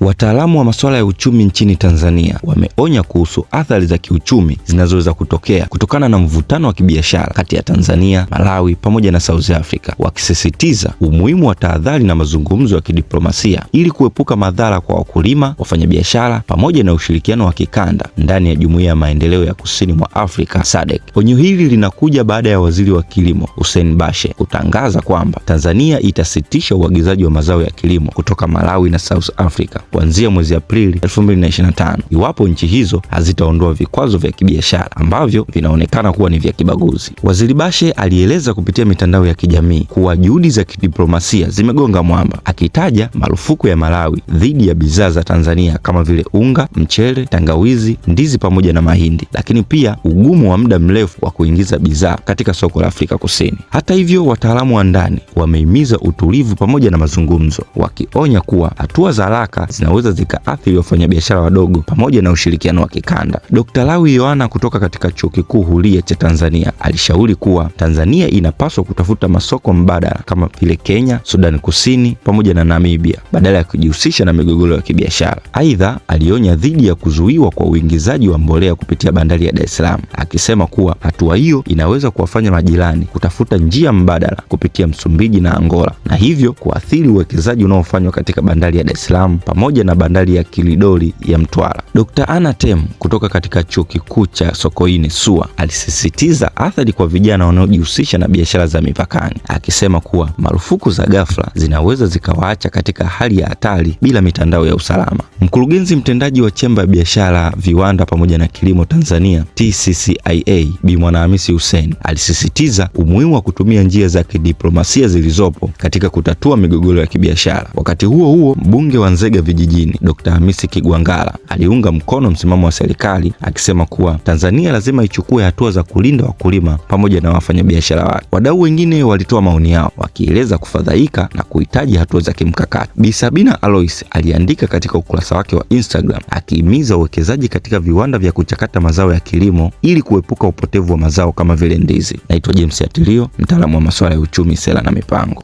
Wataalamu wa masuala ya uchumi nchini Tanzania wameonya kuhusu athari za kiuchumi zinazoweza kutokea kutokana na mvutano wa kibiashara kati ya Tanzania, Malawi pamoja na South Africa, wakisisitiza umuhimu wa tahadhari na mazungumzo ya kidiplomasia ili kuepuka madhara kwa wakulima, wafanyabiashara pamoja na ushirikiano wa kikanda ndani ya Jumuiya ya Maendeleo ya Kusini mwa Afrika SADC. Onyo hili linakuja baada ya Waziri wa Kilimo Hussein Bashe kutangaza kwamba Tanzania itasitisha uagizaji wa mazao ya kilimo kutoka Malawi na South Africa kuanzia mwezi Aprili 2025 iwapo nchi hizo hazitaondoa vikwazo vya kibiashara ambavyo vinaonekana kuwa ni vya kibaguzi. Waziri Bashe alieleza kupitia mitandao ya kijamii kuwa juhudi za kidiplomasia zimegonga mwamba, akitaja marufuku ya Malawi dhidi ya bidhaa za Tanzania kama vile unga, mchele, tangawizi, ndizi pamoja na mahindi, lakini pia ugumu wa muda mrefu wa kuingiza bidhaa katika soko la Afrika Kusini. Hata hivyo, wataalamu wa ndani wamehimiza utulivu pamoja na mazungumzo, wakionya kuwa hatua za haraka zinaweza zikaathiri wafanyabiashara wadogo pamoja na ushirikiano wa kikanda. Dkt. Lawi Yohana kutoka katika Chuo Kikuu Huria cha Tanzania alishauri kuwa Tanzania inapaswa kutafuta masoko mbadala kama vile Kenya, Sudani Kusini pamoja na Namibia badala ya kujihusisha na migogoro ya kibiashara. Aidha, alionya dhidi ya kuzuiwa kwa uingizaji wa mbolea kupitia bandari ya Dar es Salaam, akisema kuwa hatua hiyo inaweza kuwafanya majirani kutafuta njia mbadala kupitia Msumbiji na Angola na hivyo kuathiri uwekezaji unaofanywa katika bandari ya Dar es Salaam pamoja na bandari ya Kilidori ya Mtwara. Dkt. Anna Tem kutoka katika chuo kikuu cha Sokoine SUA alisisitiza athari kwa vijana wanaojihusisha na biashara za mipakani, akisema kuwa marufuku za ghafla zinaweza zikawaacha katika hali ya hatari bila mitandao ya usalama. Mkurugenzi mtendaji wa Chemba ya Biashara, Viwanda pamoja na Kilimo Tanzania TCCIA, Bi Mwanahamisi Hussein alisisitiza umuhimu wa kutumia njia za kidiplomasia zilizopo katika kutatua migogoro ya kibiashara. Wakati huo huo, mbunge wa Nzega vijijini, Dr. Hamisi kigwangala aliunga mkono msimamo wa serikali akisema kuwa Tanzania lazima ichukue hatua za kulinda wakulima pamoja na wafanyabiashara wake. Wadau wengine walitoa maoni yao wakieleza kufadhaika na kuhitaji hatua za kimkakati. Bi Sabina Alois aliandika katika ukurasa wake wa Instagram akihimiza uwekezaji katika viwanda vya kuchakata mazao ya kilimo ili kuepuka upotevu wa mazao kama vile ndizi. Naitwa James Atilio, mtaalamu wa masuala ya uchumi, sera na mipango.